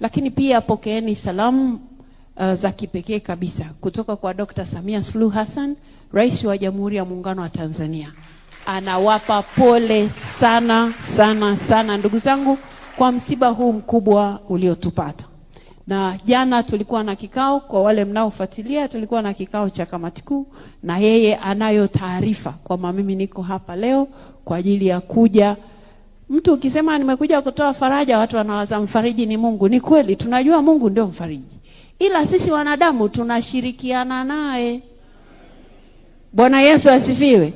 Lakini pia pokeeni salamu uh, za kipekee kabisa kutoka kwa Dr. Samia Suluhu Hassan, Rais wa Jamhuri ya Muungano wa Tanzania. Anawapa pole sana sana sana ndugu zangu kwa msiba huu mkubwa uliotupata. Na jana tulikuwa na kikao, kwa wale mnaofuatilia, tulikuwa na kikao cha kamati kuu, na yeye anayo taarifa kwamba mimi niko hapa leo kwa ajili ya kuja Mtu ukisema nimekuja kutoa faraja, watu wanawaza mfariji ni Mungu. Ni kweli, tunajua Mungu ndio mfariji, ila sisi wanadamu tunashirikiana naye. Bwana Yesu asifiwe.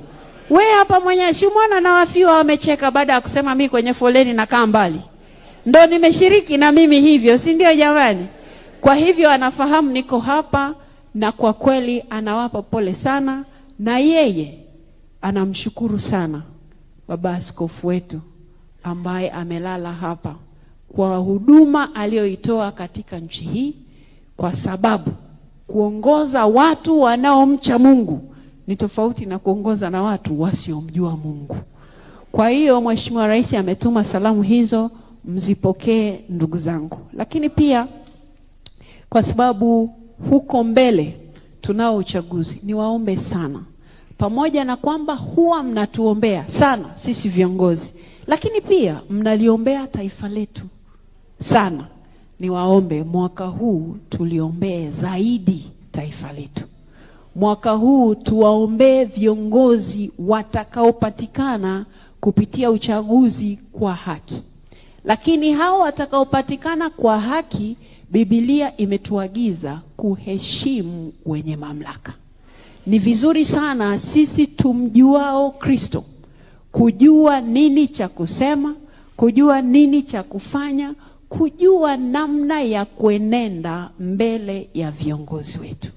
We hapa mwenye si mwana na wafiwa wamecheka baada ya kusema mi kwenye foleni nakaa mbali, ndo nimeshiriki na mimi hivyo, si ndio jamani? Kwa hivyo anafahamu niko hapa, na kwa kweli anawapa pole sana, na yeye anamshukuru sana baba askofu wetu ambaye amelala hapa kwa huduma aliyoitoa katika nchi hii, kwa sababu kuongoza watu wanaomcha Mungu ni tofauti na kuongoza na watu wasiomjua Mungu. Kwa hiyo Mheshimiwa Rais ametuma salamu hizo, mzipokee ndugu zangu, lakini pia kwa sababu huko mbele tunao uchaguzi, niwaombe sana pamoja na kwamba huwa mnatuombea sana sisi viongozi, lakini pia mnaliombea taifa letu sana. Niwaombe mwaka huu tuliombee zaidi taifa letu. Mwaka huu tuwaombee viongozi watakaopatikana kupitia uchaguzi kwa haki, lakini hao watakaopatikana kwa haki, Biblia imetuagiza kuheshimu wenye mamlaka. Ni vizuri sana sisi tumjuao Kristo kujua nini cha kusema, kujua nini cha kufanya, kujua namna ya kuenenda mbele ya viongozi wetu.